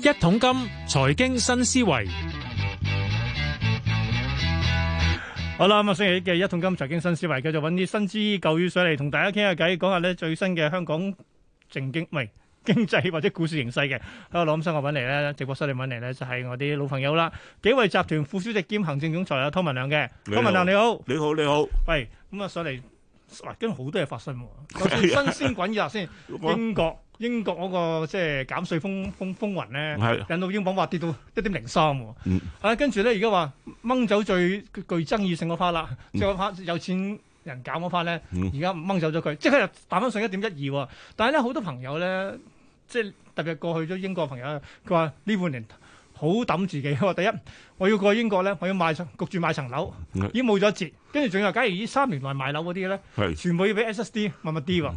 一桶金財經新思維，好啦，咁啊，星期一嘅一桶金財經新思維，繼續揾啲新知舊語上嚟，同大家傾下偈，講下咧最新嘅香港政經唔係經濟或者股市形勢嘅，喺我羅生我揾嚟咧，直播室你揾嚟咧，就係我啲老朋友啦，紀惠集團副主席兼行政總裁啊，湯文亮嘅，湯文亮你好，你好你好，喂，咁啊上嚟。哇！跟好多嘢發生喎，又算新鮮滾熱辣先。 英國英國嗰個即係、就是、減稅風風風雲咧，引到英鎊話跌到一點零三喎。跟住咧而家話掹走最具爭議性嗰花啦，嗯、即係嗰花有錢人搞嗰花咧，而家掹走咗佢，即刻又打返上一點一二。但係咧好多朋友咧，即係特別係過去咗英國嘅朋友，佢話呢半年。好抌自己，第一，我要過英國咧，我要買焗住買層樓，已經冇咗折。跟住仲有，假如呢三年內買樓嗰啲咧，是全部要俾 S 是 S D 物物啲喎。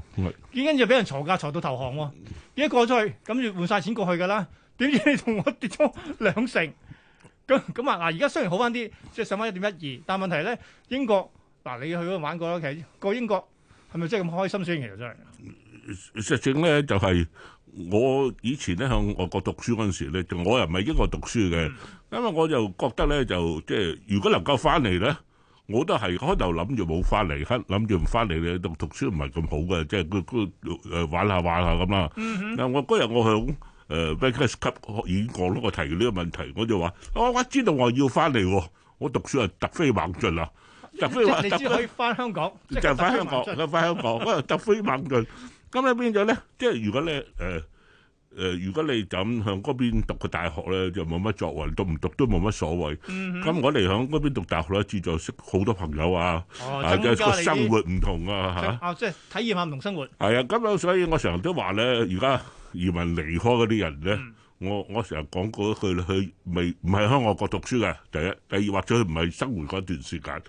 點跟住俾人挫價挫到投降喎？而家過咗去，跟住換晒錢過去㗎啦？點知你同我跌咗兩成？咁咁啊！嗱，而家雖然好翻啲，即係上翻一點一二，1. 1. 2, 但問題咧，英國嗱，你去嗰度玩過啦，其實過英國係咪真係咁開心先？其實真係。實證咧就係、是。我以前咧向外國讀書嗰陣時咧，我又唔係英國讀書嘅，因為、嗯、我就覺得咧就即係如果能夠翻嚟咧，我都係開頭諗住冇翻嚟，諗住唔翻嚟咧讀讀書唔係咁好嘅，即係佢佢誒玩下玩下咁啦。但我嗰日我向誒 Vegas 級演講嗰個，我提呢個問題，我就話我我知道我要翻嚟，我讀書係突飛猛進啊，突飛猛進，你知可以翻香，香港，就翻、是、香港，翻香港，嗰度突飛猛進。 咁咧變咗咧，即係如果你誒誒，如果你咁向嗰邊讀個大學咧，就冇乜作為，讀唔讀都冇乜所謂。咁我嚟響嗰邊讀大學咧，至少識好多朋友啊，即係個生活唔同啊嚇。啊，即係、啊即係、體驗下唔同生活。係啊，咁啊，所以我成日都話咧，而家移民離開嗰啲人咧。嗯。我我成日講過一句，佢未唔係喺外國讀書嘅，第一第二或者佢唔係生活嗰段時間。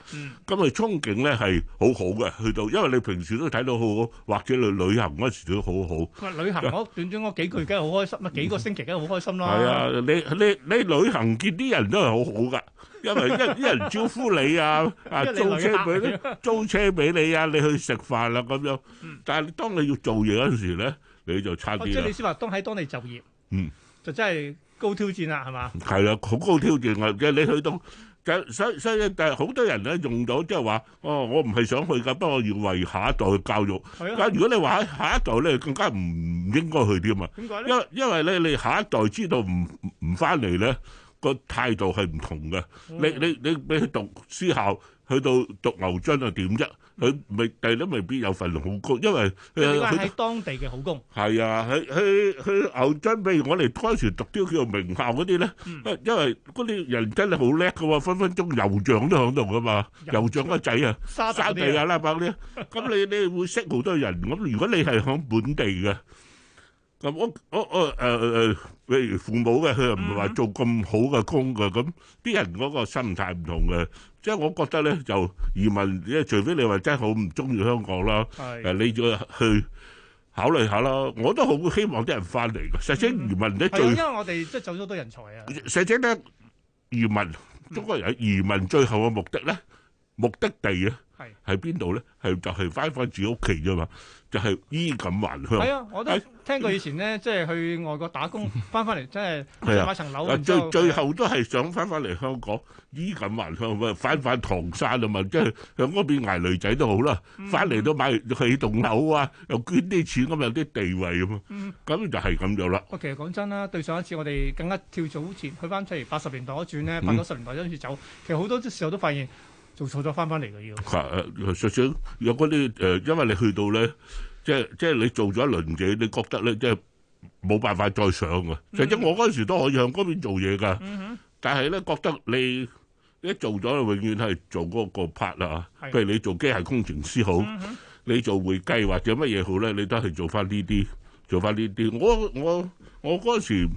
咁佢憧憬咧係好好嘅，去到因為你平時都睇到好好，或者旅旅行嗰時都好好。旅行我短短嗰幾個月梗係好開心，咪幾個星期梗係好開心啦。係啊，你你你旅行見啲人都係好好嘅，因為因為啲人招呼你啊，啊租車俾租車俾你啊，你去食飯啦咁樣。但係當你要做嘢嗰時咧，你就差啲。即係你先話當喺當地就業。嗯。就真係高挑戰啦，係嘛？係啦，好高挑戰啊！即係你去到，就所所以，但係好多人咧用咗，即係話：哦，我唔係想去噶，不過要為下一代去教育。係啊。但係如果你話喺下一代咧，你更加唔應該去添啊！點解咧？因因為咧，你下一代知道唔唔翻嚟咧，個態度係唔同嘅，嗯。你你你俾佢讀私校。去到讀牛津又點啫？佢未第都未必有份好工，因為佢話喺當地嘅好工。係啊，佢喺喺牛津，譬如我哋嗰時讀啲叫做名校嗰啲咧，嗯、因為嗰啲人真係好叻㗎喎，分分鐘油象都響度㗎嘛，油象個仔啊，沙地啊啦伯，你，咁你你會識好多人。咁 如果你係響本地嘅。咁我我我誒誒，譬如父母嘅，佢又唔係話做咁好嘅工噶，咁啲人嗰個心態唔同嘅，即係我覺得咧，就移民，即係除非你話真係好唔中意香港啦，係，你再去考慮下啦。我都好希望啲人翻嚟嘅，實際移民咧最因為我哋即係走咗好多人才啊。實際咧移民，中國人移民最後嘅目的咧，目的地啊！係喺邊度咧？係就係翻返住屋企啫嘛，就係衣錦還鄉。係啊，我都聽過以前咧，即係去外國打工，翻翻嚟，即係買層樓。最最後都係想翻返嚟香港，衣錦還鄉，翻返唐山啊嘛，即係喺嗰邊捱女仔都好啦，翻嚟都買起棟樓啊，又捐啲錢咁，有啲地位咁啊。咁就係咁樣啦。我其實講真啦，對上一次我哋更加跳早前，去翻譬如八十年代嗰轉咧，八九十年代跟住走，其實好多時候都發現。做錯咗翻翻嚟嘅要，係誒、啊，實在有嗰啲，因為你去到咧，即係即係你做咗一輪嘢，你覺得咧，即係冇辦法再上嘅。其實我嗰陣時都可以向嗰邊做嘢㗎，嗯、哼但係咧覺得你一做咗，永遠係做嗰個 part 啦。的譬如你做機械工程師好，嗯、哼你做會計或者乜嘢好咧，你都係做翻呢啲，做翻呢啲。我我我嗰陣時。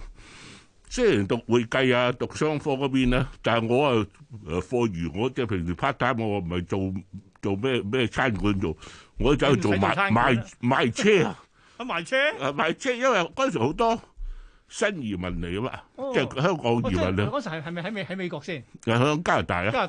雖然讀會計啊，讀商科嗰邊咧，但係我啊，誒課餘，我即係平時 part time，我唔係做做咩咩餐館做，我走去做賣做賣賣車啊！賣車啊！ 啊賣，車賣車，因為嗰陣時好多新移民嚟啊嘛，即係、oh，香港移民咧。嗰陣係咪喺美喺美國先？係加拿大啊！加拿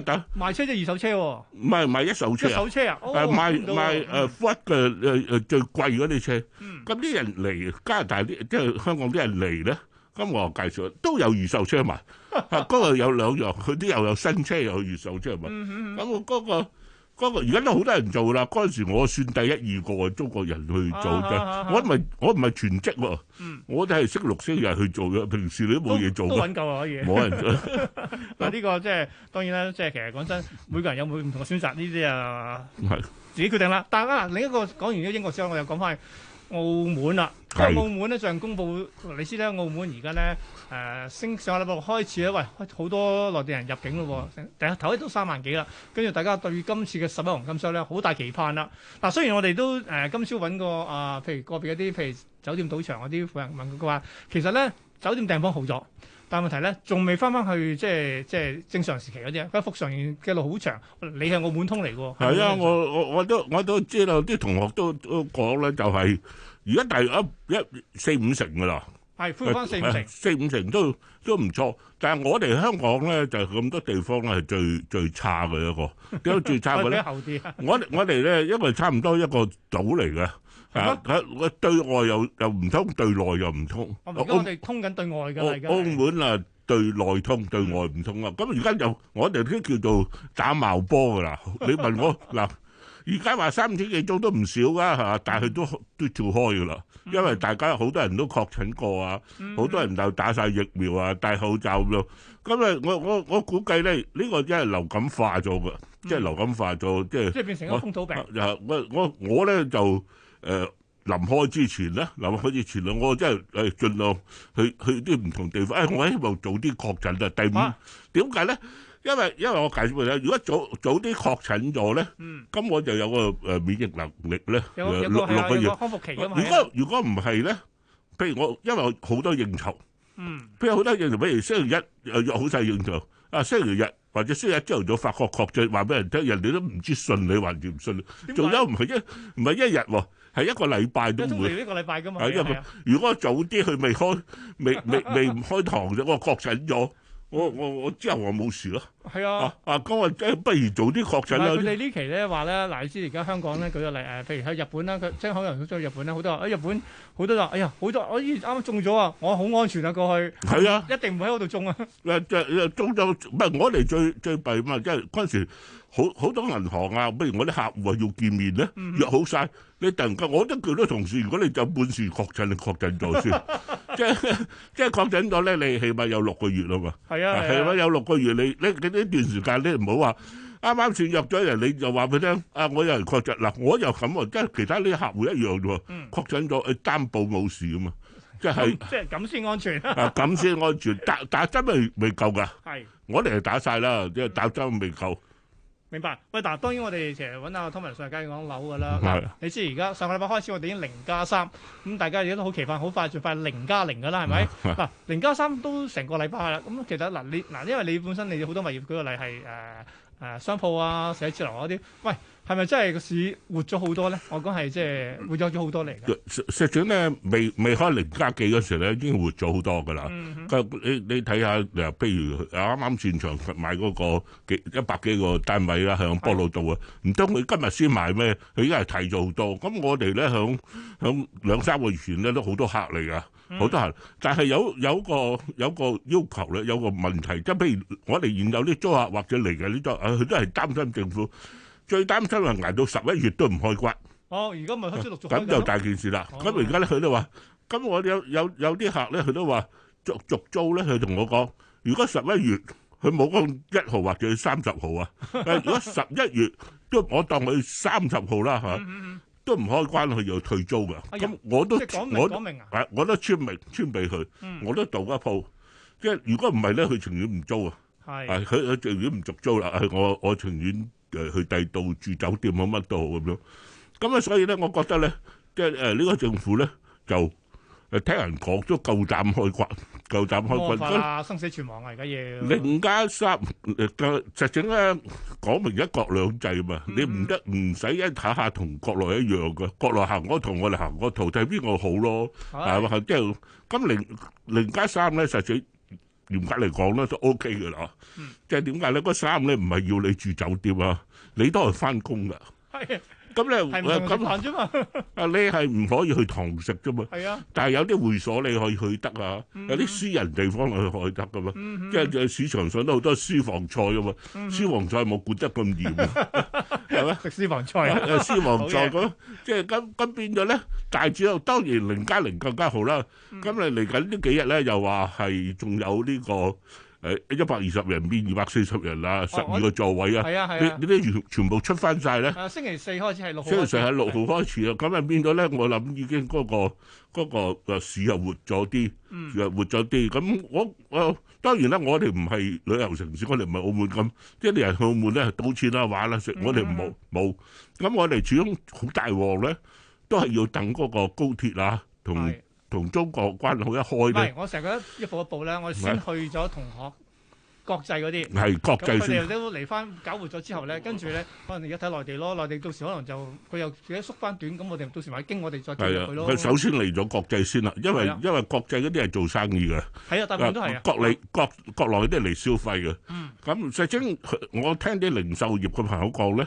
大賣車即係二手車喎、啊。唔係一手車啊！一手車啊！哦、賣賣誒 first 嘅誒誒最貴嗰啲車。咁啲、嗯、人嚟加拿大啲，即係香港啲人嚟咧。咁我又介紹都有預售車嘛。嗰個有兩樣，佢啲又有新車又有預售車嘛。咁我嗰個嗰個而家都好多人做啦。嗰陣時我算第一二個中國人去做嘅、啊啊啊，我唔係我唔係全職喎，嗯、我就係識六、識日去做嘅。平時你都冇嘢做都，都揾夠，可以冇人。做。嗱呢 個即、就、係、是、當然啦，即、就、係、是、其實講真，每個人有冇唔同嘅選擇呢啲啊，的自己決定啦。但係啊，另一個講完啲英國之後，我又講翻澳門啦、啊，因為的澳門咧最近公佈，你知咧澳門而家咧誒升上個禮拜六開始咧，喂好多內地人入境咯，第的一頭一都三萬幾啦，跟住大家對今次嘅十一黃金周咧好大期盼啦。嗱、啊，雖然我哋都誒、呃、今朝揾個啊，譬如個別一啲譬如酒店、賭場嗰啲富人問佢話，其實咧酒店訂房好咗。但問題咧，仲未翻翻去即係即係正，正常時期嗰啲啊！復常嘅路好長，你係澳門通嚟㗎喎。係啊，是是我我我都我都知道啲同學都都講咧，就係而家第一一四五成㗎啦。係恢復翻四五成，四五成都都唔錯，但係我哋香港咧就係、是、咁多地方咧係最最差嘅一個。點解最差嘅咧？我我哋咧，因為差唔多一個島嚟嘅。啊！我我對外又又唔通，對內又唔通。我哋通緊對外噶。澳門啊，對內通，對外唔通啊。咁而家就我哋都叫做打矛波噶啦。 你問我嗱，而家話三千幾宗都唔少噶嚇，但係都都跳開噶啦。因為大家好多人都確診過啊，好多人都打晒疫苗啊，戴口罩咁。咁啊，我我我估計咧，呢、這個因為流感化咗嘅，即、就、係、是、流感化咗，即係即係變成一個風土病。我我我咧就。誒，臨開之前咧，臨開之前咧，我真係誒盡量去去啲唔同地方。誒，我希望早啲確診啦。第五，點解咧？因為因為我介紹你，如果早早啲確診咗咧，咁我就有個誒免疫能力咧，六六個月康復期咁。如果如果唔係咧，譬如我，因為我好多應酬，譬如好多應酬，譬如星期一又約好晒應酬，啊，星期日或者星期一朝頭早發覺確診，話俾人聽，人哋都唔知信你還是唔信你。仲有唔係一唔係一日喎？係一個禮拜都會，一個禮拜噶嘛。啊啊、如果早啲佢未開，未未未唔開堂啫，我確診咗，我我我之後我冇事。係啊，阿哥啊，即係不如早啲確診啦。佢哋呢期咧話咧，嗱，你知而家香港咧舉個例誒，譬如喺日本啦，佢真好多人去咗日本啦，好多話喺日本好多話，哎呀，好多我啱啱中咗啊，我好安全啊，過去。係啊，一定唔喺嗰度中啊。誒誒，中咗，唔係我嚟最最弊嘛，即係嗰陣時，好好多銀行啊，不如我啲客戶啊要見面咧，約好晒。你突然間，我都叫咗同事，如果你就半時確診，你確診咗先，即係即係確診咗咧，你起碼有六個月啦嘛。係啊，起碼有六個月，你你你。呢段時間咧，唔好話啱啱先約咗人，你就話畀佢聽啊！我有人確診啦，我又咁啊。即係其他啲客戶一樣喎，確診咗誒擔保冇事啊嘛，即係、嗯、即係咁先安全啦，咁先 安全，打打針未未夠㗎，係是我哋係打晒啦，即係打針未夠。嗯嗯。明白，喂，嗱當然我哋成日揾阿湯文上街講樓噶啦，係，你知而家上個禮拜開始我哋已經零加三，咁大家亦都好期盼，好快最快零加零噶啦，係咪？嗱零加三都成個禮拜啦，咁、嗯、其實嗱、啊、你嗱、啊、因為你本身你好多物業舉個例係誒。呃誒、啊、商鋪啊、寫字樓嗰啲，喂，係咪真係個市活咗好多咧？我講係即係活咗好多嚟嘅。石石展咧未未開零加記嗰時咧，已經活咗好多噶啦、嗯哼。你你睇下，譬如啱啱轉場買嗰個一百幾個單位啊，喺波老道啊，唔通佢今日先買咩？佢而家係提咗好多。咁我哋咧，響響兩三個月前咧都好多客嚟噶。好得閒，但係有有個有個要求咧，有個問題，即係譬如我哋現有啲租客或者嚟嘅啲租，佢都係擔心政府，最擔心係捱到十一月都唔開骨。哦，而家咪開咁就大件事啦。咁而家咧，佢都話，咁我有有有啲客咧，佢都話續續租咧，佢同我講，如果十一月佢冇講一號或者三十號啊，誒， 如果十一月都我當佢三十號啦嚇。 都唔開關，佢又退租噶。咁我都我我都簽名簽俾佢，我都賭一鋪。即係如果唔係咧，佢情願唔租啊。係佢佢情願唔續租啦。係我我情願誒去第度住酒店或乜都好咁樣。咁啊，所以咧，我覺得咧，即係誒呢個政府咧，就誒聽人講都夠膽開關。夠膽開棍，生死存亡啊！而家要零加三，誒，實情咧講明一國兩制嘛。你唔得唔使一睇下同國內一樣嘅，國內行嗰同我哋行嗰條，睇邊個好咯。係嘛，即係咁零零加三咧，實際嚴格嚟講咧都 OK 嘅啦。嗯，即係點解咧？嗰三咧唔係要你住酒店啊，你都係翻工噶。係啊。咁咧咁啫嘛！啊，你係唔可以去堂食啫嘛？係啊，但係有啲會所你可以去得啊，嗯、有啲私人地方可以去得噶嘛。嗯嗯、即係市場上都好多私房菜啊嘛，嗯、私房菜冇管得咁嚴，係咪食私房菜啊？誒， 私房菜咁，即係咁咁變咗咧。但主要當然零加零更加好啦。咁你嚟緊呢幾日咧，又話係仲有呢、呢個。誒，一百二十人變二百四十人啦，啊，十二個座位啊，係啊係啊，呢全、啊、全部出翻晒咧。星期四開始係六，星期四係六號開始啊，咁啊的變咗咧，我諗已經嗰、嗰個個、嗰個市又活咗啲，又活咗啲。咁、嗯、我誒，當然啦，我哋唔係旅遊城市，我哋唔係澳門咁，即啲人去澳門咧係賭錢啦、玩啦、食，我哋冇冇。咁、嗯嗯、我哋始終好大鑊咧，都係要等嗰個高鐵啊，同、嗯。同中國關口一開咧，我成日覺得一步一步咧，我先去咗同學國際嗰啲，係國際先。我哋都嚟翻搞活咗之後咧，跟住咧可能而家睇內地咯，內地到時可能就佢又自己縮翻短，咁我哋到時咪經我哋再調佢咯。佢首先嚟咗國際先啦，因為因為國際嗰啲係做生意嘅，係啊，大部分都係啊。國內國國內嗰啲嚟消費嘅，嗯，咁實際我聽啲零售業嘅朋友講咧，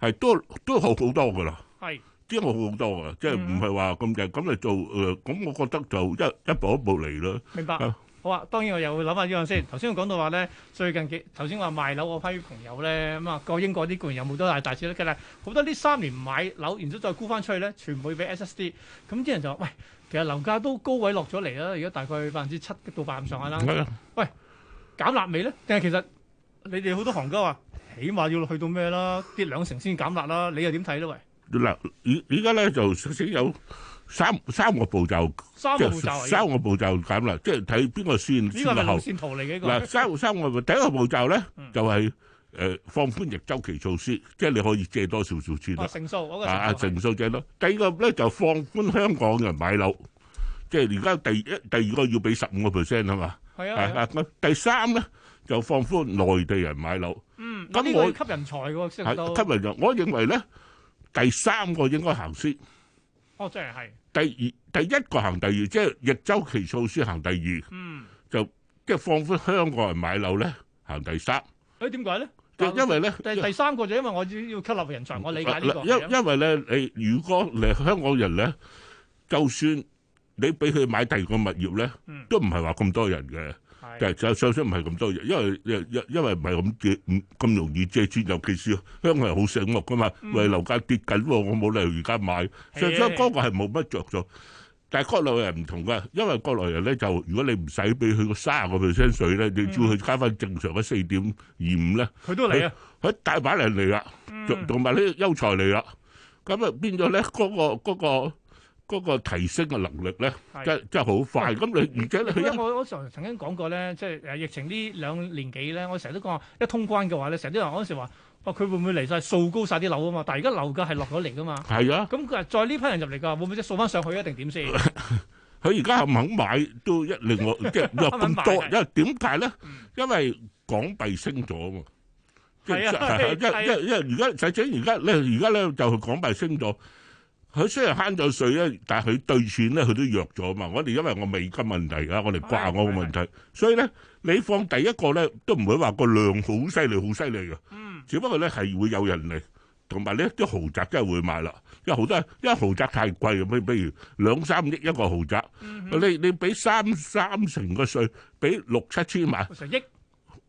係都都好好多噶啦，係。啲嘢好多啊，即係唔係話咁勁咁嚟做誒，咁我覺得就一一步一步嚟咯。明白，好啊。當然我又諗下呢樣先。頭先我講到話咧，最近幾頭先話賣樓嗰批朋友咧，咁啊過英國啲固然有冇多大大錢啦，但係好多呢三年買樓，然之後再沽翻出去咧，全部會俾 SSD。咁啲人就話，喂，其實樓價都高位落咗嚟啦，而家大概百分之七到八咁上下啦。喂，減辣未咧？定係其實你哋好多行家話，起碼要去到咩啦？跌兩成先減辣啦？你又點睇咧？喂？嗱，而而家咧就先有三三個步驟，三個步驟三個步驟咁啦，即係睇邊個先先後。呢個係線圖嚟嘅嗱，三三個第一個步驟咧，就係誒放寬逆周期措施，即係你可以借多少少錢啦。成數嗰個成數借多。第二個咧就放寬香港人買樓，即係而家第一第二個要俾十五個 percent 係嘛？係啊。第三咧就放寬內地人買樓。嗯，咁呢個吸人才喎，吸引到。吸人才，我認為咧。第三個應該行先，哦，即係係第二，第一個行第二，即係逆周期措施行第二，嗯，就即係放寬香港人買樓咧，行第三。誒，點解咧？因為咧，第第三個就因為我要吸納人才，我理解呢個。因因為咧，你如果嚟香港人咧，就算你俾佢買第二個物業咧，都唔係話咁多人嘅。就係就係上升唔係咁多嘢，因為因因因為唔係咁借唔咁容易借錢，尤其是香港人好醒目㗎嘛。為樓價跌緊，我冇理由而家買。上升嗰個係冇乜着數，但係國內人唔同㗎，因為國內人咧就如果你唔使俾佢卅個 percent 稅咧，你只要佢加翻正常嘅四點二五咧，佢都嚟啊！佢大把人嚟啦，同同埋呢優才嚟啦，咁啊變咗咧嗰個嗰個。嗰個提升嘅能力咧，即係真真係好快。咁你而且你，因為我我曾曾經講過咧，即係誒疫情呢兩年幾咧，我成日都講話一通關嘅話咧，成啲人嗰陣時話，話佢會唔會嚟曬掃高曬啲樓啊嘛？但係而家樓價係落咗嚟噶嘛？係啊！咁佢再呢批人入嚟㗎，會唔會即係掃翻上去啊？定點先？佢而家係唔肯買都一另外即係咁多，因為點解咧？因為港幣升咗啊嘛！係啊！因為因為因為而家仔仔而家咧而家咧就港幣升咗。佢雖然慳咗稅咧，但係佢對錢咧佢都弱咗嘛。我哋因為我美金問題啊，我哋掛我個問題，所以咧你放第一個咧都唔會話個量好犀利，好犀利嘅。嗯，只不過咧係會有人嚟，同埋咧啲豪宅真係會買啦。因為好多，因為豪宅太貴啊。比，比如兩三億一個豪宅，你你俾三三成個稅，俾六七千萬，成億，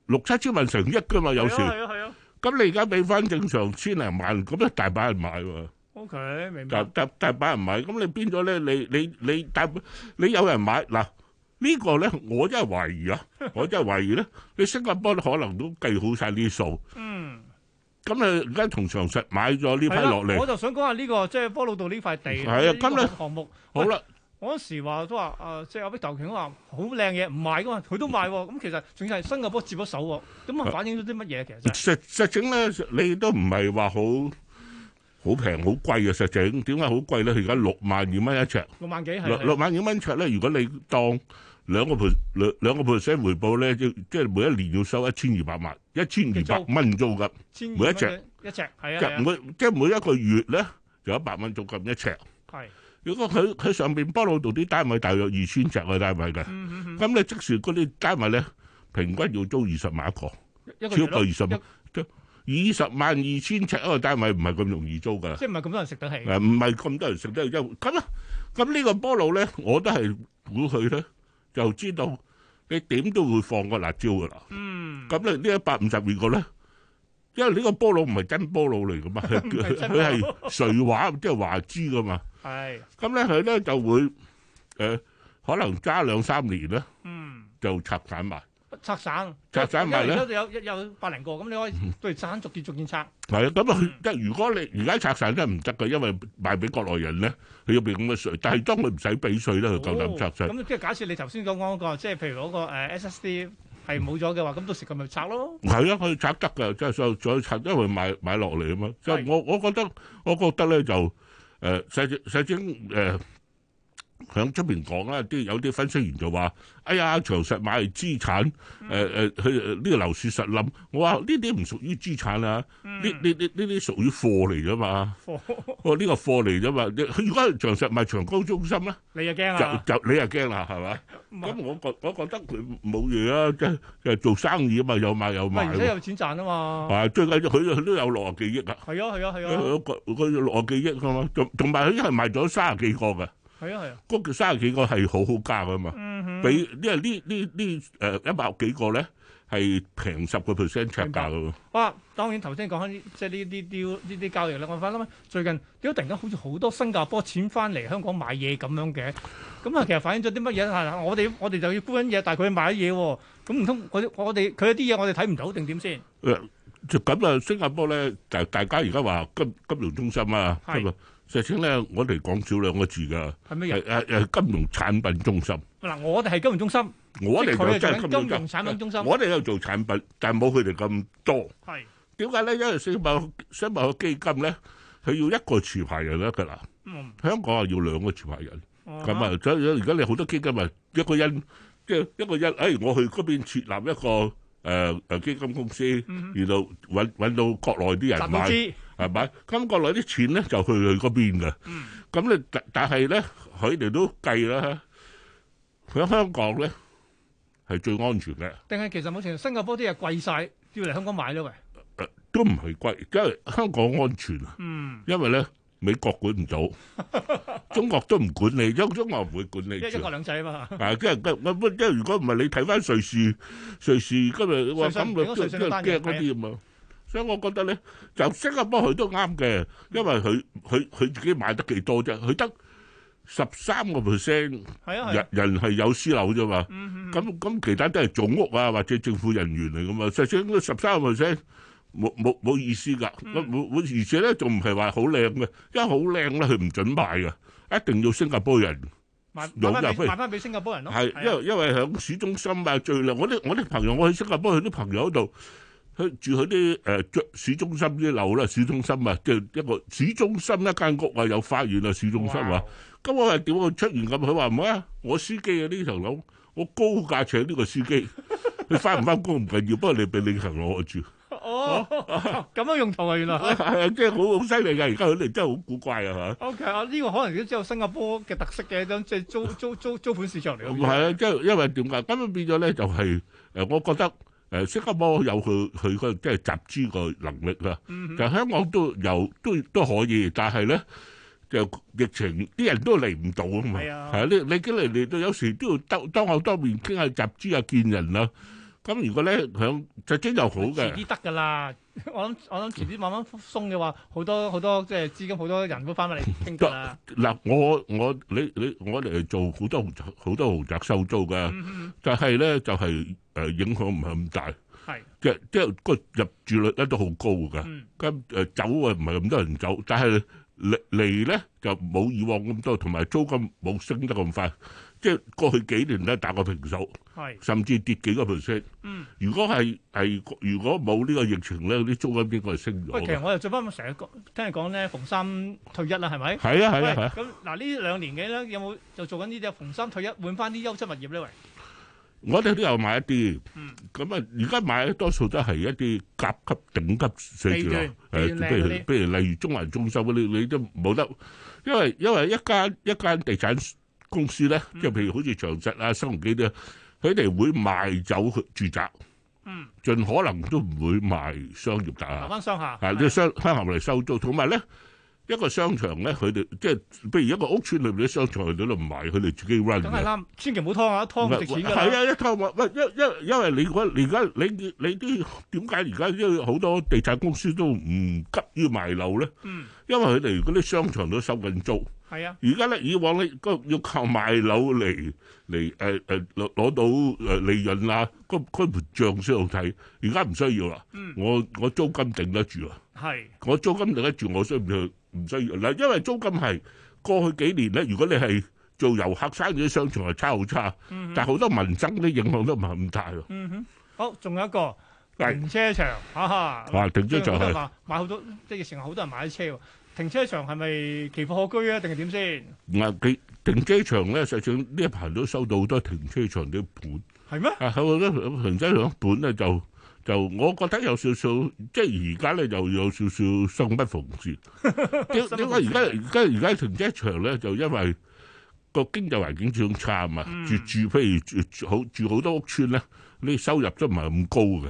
六七千萬成億噶嘛有時。係啊係啊。咁你而家俾翻正常千零萬，咁一大把人買喎。佢、okay, 明白，但但但係冇人買，咁你變咗咧？你你你但你有人買嗱？這個、呢個咧，我真係懷疑啊！ 我真係懷疑咧，你新加坡可能都計好晒啲數。嗯，咁啊，而家同長實買咗呢批落嚟、啊。我就想講下呢、這個，即、就、係、是、波老道呢塊地，啊，呢個項目。好啦，嗰時話都話誒，即係阿碧豆瓊話好靚嘢，唔買㗎嘛，佢都買喎。咁其實仲要係新加坡接咗手喎，咁啊反映咗啲乜嘢其實,、就是、實？實實情咧，你都唔係話好。好平好貴啊，石井點解好貴咧？佢而家六萬二蚊一尺，六萬幾係六六萬二蚊尺咧。如果你當兩個半兩兩個半回報咧，即即係每一年要收一千二百萬，一千二百蚊租嘅，每一尺一尺係啊，每即係每一個月咧就一百蚊租咁一尺。係如果佢佢上邊波佬度啲單位大約二千尺嘅單位嘅，咁你即使嗰啲單位咧平均要租二十萬一個，超過二十萬。二十萬二千尺個單位，但係唔係咁容易租噶啦。即係唔係咁多人食得起。誒，唔係咁多人食得起，因咁啦，咁呢個菠蘿咧，我都係估佢咧，就知道你點都會放個辣椒噶啦。嗯。咁咧呢一百五十二個咧，因為呢個菠蘿唔係真菠蘿嚟噶嘛，佢係瑞華，即係華資噶嘛。係。咁咧，佢咧就會誒，可能揸兩三年咧，嗯，就拆散埋。拆散，而家有有八零個，咁你可以對散逐件逐件拆。係啊，咁啊，即係如果你而家拆散都係唔得嘅，因為賣俾國內人咧，佢要俾咁嘅稅。但係當佢唔使俾稅咧，佢夠膽拆散。咁即係假設你頭先講講嗰個，即係譬如嗰個誒 SSD 係冇咗嘅話，咁到時咁咪拆咯。係啊，佢拆得嘅，即係就再拆，因為買買落嚟啊嘛。即係我我覺得，我覺得咧就誒細精細精誒。響出邊講啦，啲有啲分析員就話，哎呀，長實買資產，誒誒、嗯，佢呢、呃、個樓市實諗。我話呢啲唔屬於資產啊，呢呢呢呢啲屬於貨嚟噶嘛。貨貨，呢個貨嚟啫嘛。如果係長實賣長江中心咧，你又驚啦？就就你又驚啦，係嘛是？咁我覺我覺得佢冇嘢啊，即係、就是、做生意啊嘛，有買有賣。都有錢賺啊嘛。啊，最緊要佢佢都有六十幾億啊。係啊係啊係啊。佢六十幾億啊嘛，同埋佢係賣咗卅幾個嘅。係啊係啊，嗰個三十幾個係好好價噶嘛，比呢啊呢呢呢誒一百幾個咧係平十個 percent 長價噶喎。哇！當然頭先講緊即係呢啲啲呢啲交易咧，我發覺最近點解突然間好似好多新加坡錢翻嚟香港買嘢咁樣嘅？咁啊，其實反映咗啲乜嘢咧？我哋我哋就要沽緊嘢，但係佢買嘢喎、啊，咁唔通我我哋佢啲嘢我哋睇唔到定點先？就咁啊！新加坡咧，大大家而家話金金融中心啊，係嘛？實情咧，我哋講少兩個字噶，係咩？誒誒，金融產品中心。嗱，我哋係金融中心，我哋就係金融產品中心。我哋又做產品，但係冇佢哋咁多。係點解咧？因為新加坡，新加坡基金咧，佢要一個持牌人得噶啦。嗯。香港啊，要兩個持牌人。哦。咁啊，所以而家你好多基金啊，一個人，即係一個人。誒，我去嗰邊設立一個。誒，由基金公司去到搵搵到國內啲人買，係咪？咁國內啲錢咧就去去嗰邊嘅。咁你但但係咧，佢哋都計啦。喺香港咧係最安全嘅。定係其實冇錯，新加坡啲嘢貴晒，要嚟香港買咯。喂，誒，都唔係貴，因為香港安全啊。嗯。因為咧。美國管唔到，中國都唔管理，因為中國唔會管理住。一國兩制啊嘛。啊，即係即係，即係如果唔係你睇翻瑞士，瑞士今日話咁，即係驚嗰啲啊嘛。所以我覺得咧，就新加坡佢都啱嘅，因為佢佢佢自己買得幾多啫，佢得十三個 percent。係啊係。人人係有私樓啫嘛。嗯嗯嗯。咁咁其他都係總屋啊，或者政府人員嚟噶嘛，實際應該十三個 percent。冇冇冇意思噶，我我而且咧，仲唔係話好靚嘅，因為好靚咧，佢唔准賣嘅，一定要新加坡人有人翻賣翻俾新加坡人咯。係因為因為響市中心啊，最靚。我啲我啲朋友，我去新加坡，佢啲朋友度，佢住佢啲誒，住市中心啲樓啦，市中心啊，即係一個市中心一間屋啊，有花園啊，市中心啊。咁我話點啊，出現咁，佢話唔啊，我司機啊呢層樓，我高價請呢個司機，你翻唔翻工唔緊要，不過你俾你層樓我住。哦，咁、oh，樣用途 的的 okay，啊，原來係，即係好好犀利嘅。而家佢哋真係好古怪啊，吓。OK，呢個可能都只有新加坡嘅特色嘅，即、就、係、是、租租租租盤市場嚟嘅。唔係啊，即係因為點解根本變咗咧？就係誒，我覺得誒新加坡有佢佢即係集資個能力啊。嗯哼，就香港都有都都可以，但係咧就疫情啲人都嚟唔到啊嘛。係啊的，係你你幾嚟嚟到有時都要當當口當面傾下集資啊，見人啊。咁如果咧響就蒸又好嘅，遲啲得㗎啦。我諗我諗遲啲慢慢鬆嘅話，好多好多即係資金，好多人都翻翻嚟傾偈啦。嗱，我我你你我哋做好多豪宅，好多豪宅收租㗎，但係咧就係誒影響唔係咁大，即係即係個入住率咧都好高㗎。咁誒走啊，唔係咁多人走，但係嚟嚟咧就冇以往咁多，同埋租金冇升得咁快。即係過去幾年咧打個平手，甚至跌幾個 percent。嗯，如果係係如果冇呢個疫情咧，啲租金邊個係升咗？其實我又最翻咁成日講，聽人講咧，逢三退一啦，係咪？係啊係啊。咁嗱，呢兩年幾咧有冇就做緊呢啲逢三退一，換翻啲優質物業咧？喂，我哋都有買一啲。嗯。咁啊，而家買咧多數都係一啲甲級、頂級水準。誒，譬如譬如例如中環中心啊，你你都冇得，因為因為一間一間地產。公司咧，即係譬如好似長實啊、新鴻基啲，佢哋會賣走佢住宅，嗯，盡可能都唔會賣商業大樓，攞翻商廈，係啲商翻下嚟收租，同埋咧。一個商場咧，佢哋即係，譬如一個屋村裏邊啲商場，佢哋都唔賣，佢哋自己 run。梗係啦，千祈唔好拖啊，拖唔值錢㗎。係啊，一拖、啊，喂，一一因為你而家你你啲點解而家因為好多地產公司都唔急於賣樓咧？因為佢哋嗰啲商場都收緊租。係啊。而家咧，以往咧，要靠賣樓嚟嚟誒誒攞攞到誒利潤啦、啊，個個盤賬先好睇。而家唔需要啦。嗯、我我租金頂得住啊。係。我租金頂得住，是我，住我需唔需要？唔需要嗱，因為租金係過去幾年咧，如果你係做遊客生意，商場係差好差，但係好多民生啲影響都唔係咁大咯。嗯哼，好，仲有一個停車場，吓吓。哇，停車場係嘛，買好多即係成日好多人買車喎。停車場係咪奇貨可居啊？定係點先？唔係佢停車場咧，其實呢一排都收到好多停車場啲盤。係咩？啊，好多停車場盤咧就。就我覺得有少少，即係而家咧就有少少生不逢時。點點解，而家而家而家停車場咧，就因為個經濟環境仲差啊嘛？住住，譬如住好住好多屋村咧，你收入都唔係咁高嘅。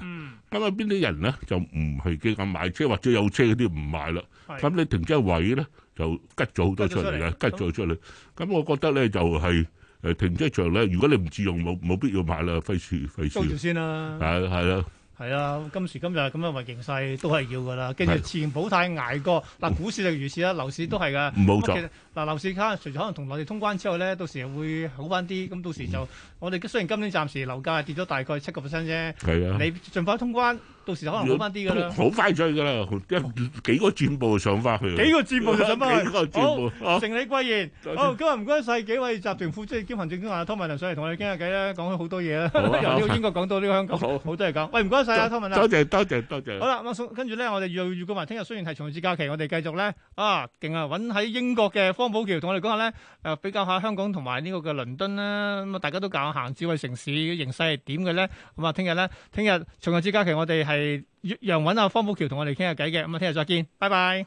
咁啊，邊啲人咧就唔係幾敢買車，或者有車嗰啲唔買啦。咁你停車位咧就吉咗好多出嚟啦，吉咗出嚟。咁我覺得咧就係誒停車場咧，如果你唔自用，冇冇必要買啦，費事費事先啦。係係啦。係啊，今時今日咁樣嘅形勢都係要㗎啦。跟住前保泰捱過，嗱，股市就如此啦，樓市都係㗎。唔好做。嗱，樓市睇，除咗可能同內地通關之後咧，到時又會好翻啲。咁到時就我哋雖然今年暫時樓價係跌咗大概七個 percent 啫。係啊。你儘快通關，到時可能好翻啲㗎啦。好快脆㗎啦，一幾個轉步上翻去。幾個轉步上翻去。幾個轉步。好，承你貴言。好，今日唔該曬幾位集團副主席兼行政總辦湯文亮上嚟同我哋傾下偈啦，講咗好多嘢啦，由呢個英國講到呢個香港，好多嘢講。喂，唔該。多謝多謝多謝。多謝多謝，好啦，咁跟住咧，我哋預預告埋，聽日雖然係重陽節假期，我哋繼續咧啊，勁啊，搵喺英國嘅方寶橋同我哋講下咧，誒，比較下香港同埋呢個嘅倫敦啦。咁啊，大家都講行智慧城市嘅形勢係點嘅咧。咁啊，聽日咧，聽日重陽節假期，我哋係越洋搵阿方寶橋同我哋傾下偈嘅。咁啊，聽日再見，拜拜。